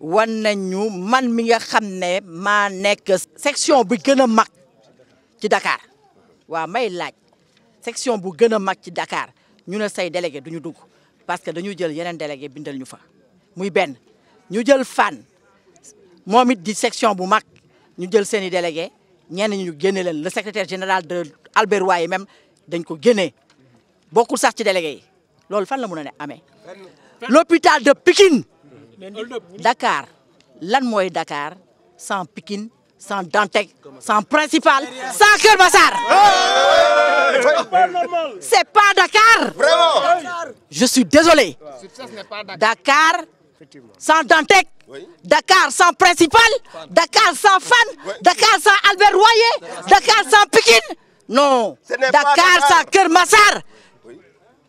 wan nañu man mi nga xam ne maa section bu gën a mag ci Dakar waaw may laaj section bu gën a mag ci Dakar ñu ne say délégué duñu dugg parce que dañu jël yeneen délégué bindal ñu muy benn ñu jël fan moom it di section bu mag ñu jël seen délégué ñenn ñu génne leen le secrétaire général de Albert Royer même dañ ko génnee bokkul sax ci délégué yi loolu fan la mën a ne l'hôpital de Pikine Dakar lan Dakar sans Pikine sans Dantec sans Principal sans Keur c'est pas Dakar vraiment je suis désolé Dakar sans Dantec Dakar sans Principal Dakar sans fan, Dakar sans Albert Royer Dakar sans Pikine non Dakar sans Kermassar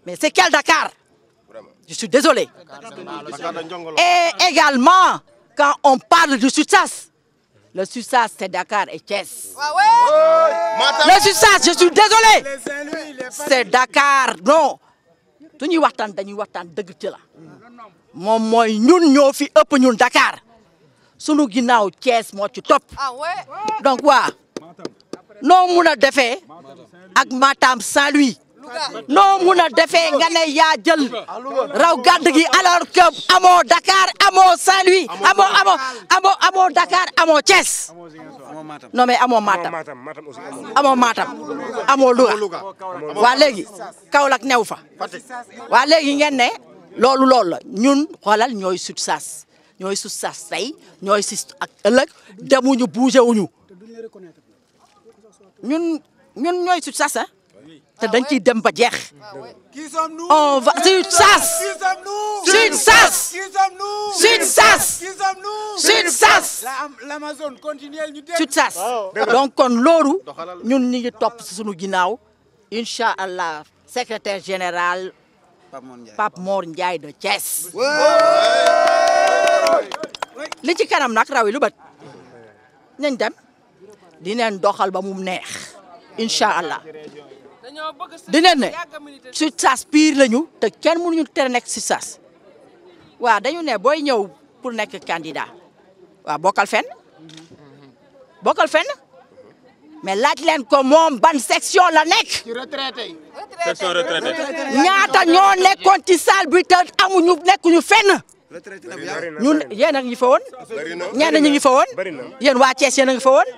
mais c'est quel Dakar je suis désolé. Et également, quand on parle du sussas, le sussas c'est Dakar et Thiès. Ah le sussas, je suis désolé. C'est Dakar, non. Nous waxtaan dañuy waxtaan dëgg ci la moom nous ñun ñoo fi ëpp ñun Dakar sunu ginnaaw Thiès moo ci topp ah donc voilà. Nous, mun a defee ak Matam Saint-Louis noo mun a defe nga ne yaa raw gàdd gi alors que amoo Dakar amoo Saint-Louis amoo amoo amoo amoo Dakar amoo amoo Matam amoo Matam waa léegi Kaolack new fa waa léegi ngeen ne loolu loolu ñun xoolal ñooy sut sas ñooy sut sas tey ñooy sis ak ëllëg demuñu bougé wuñu ñun ñooy sut sas te dañ ciy dem ba jeex on va Sud Sas Sud Sas Sud Sas Sud Sas donc kon loolu ñun ñu ngi topp si suñu ginnaaw incha allah secrétaire général Pape Mor Ndiaye de Thiès li ci kanam nag raw yi lu bët nañ dem dineen doxal ba mu neex incha allah di leen ne si saas piir lañu te kenn mënuñu tere nekk si saas waaw dañu ne booy ñëw pour nekk candidat waaw bokal fen bokal fenn mais laaj leen ko moom ban section la nekk. ñaata ñoo nekkoon ci salle bi te amuñu nekkuñu fenn. retraité la ñun yéen a ngi fa woon. ñenn ñi ngi fa woon. yéen waa Thiès yéen a fa woon.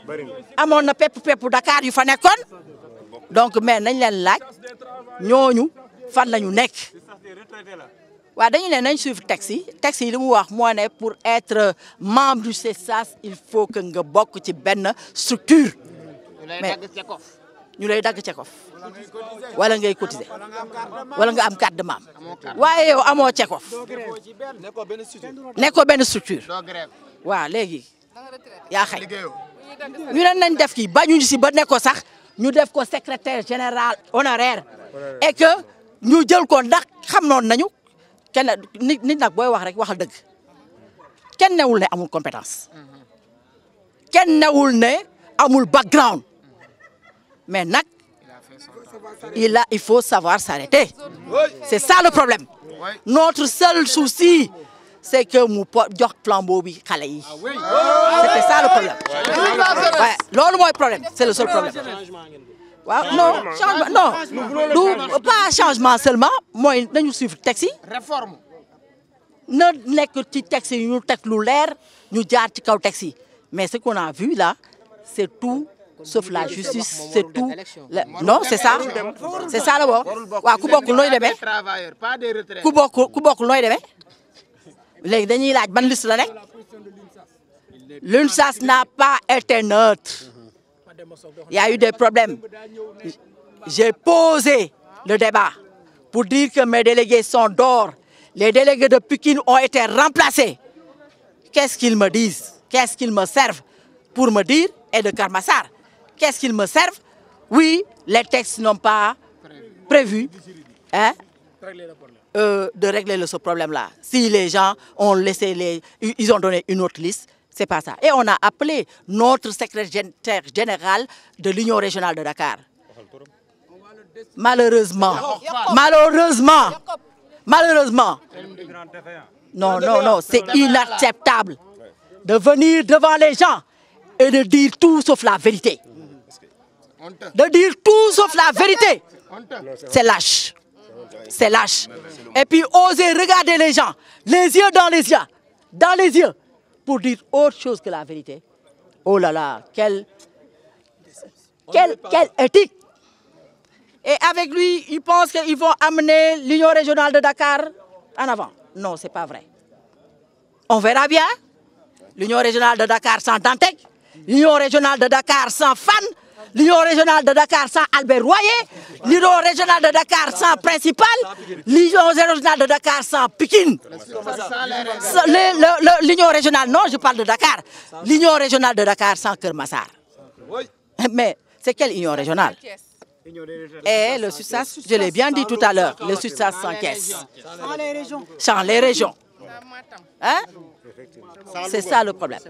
amoon na pepp pepp Dakar yu fa nekkoon. donc mais nañ Nous la là. Nous sommes là. Nous suivre Taxi taxi là. Taxi pour être membre du CESAS il faut que nga structure mais ñu lay sommes là. carte de membre Nous sommes là. Nous sommes là. structure sommes là. nous nous devons ko secrétaire général honoraire et que ñu jël ko ndax nous noon nañu kenn nit nit nag booy wax rek waxal dëgg kenn compétence background mais il a il faut savoir s'arrêter c'est ça le problème notre seul souci c'est que mon po jox flambeau bi xale yi c'était ça le ah problème ah Ouais, loolu mooy problème c'est le seul problème waaw non changement non du pas changement seulement mooy nañu suivre texte yi réforme na nekk ci texte yi ñu teg lu leer ñu jaar ci kaw texte mais ce qu'on a vu là c'est tout sauf la justice c'est tout non c'est ça c'est ça la boo waaw ku bokkul nooy demee ku bokkul ku bokkul nooy demee l'UNSAS n'a pas été neutre il y a eu des problèmes j'ai posé le débat pour dire que mes délégués sont d'or. les délégués de Pikine ont été remplacés qu'est-ce qu'ils me disent qu'est-ce qu'ils me servent pour me dire et de Karmassar, qu'est-ce qu'ils me servent oui les textes n'ont pas prévu hein euh, de régler ce problème-là. Si les gens ont laissé les... Ils ont donné une autre liste, c'est pas ça. Et on a appelé notre secrétaire général de l'Union régionale de Dakar. Malheureusement, malheureusement, malheureusement, non, non, non, c'est inacceptable de venir devant les gens et de dire tout sauf la vérité. De dire tout sauf la vérité, c'est lâche. C'est lâche. Et puis oser regarder les gens, les yeux dans les yeux, dans les yeux, pour dire autre chose que la vérité. Oh là là, quelle, quelle, éthique Et avec lui, ils pensent qu'ils vont amener l'Union régionale de Dakar en avant. Non, ce n'est pas vrai. On verra bien. L'Union régionale de Dakar sans Dantec, l'Union régionale de Dakar sans Fan, l'union régionale de Dakar sans Albert Royer, l'union régionale de Dakar sans Principal, l'union régionale de Dakar sans Pikine. L'union régionale, non, je parle de Dakar. L'union régionale de Dakar sans Kermassar. Mais c'est quelle union régionale et le succès je l'ai bien dit tout à l'heure, le SUSAS sans caisse. Sans les régions. Sans les régions. Hein? C'est ça le problème.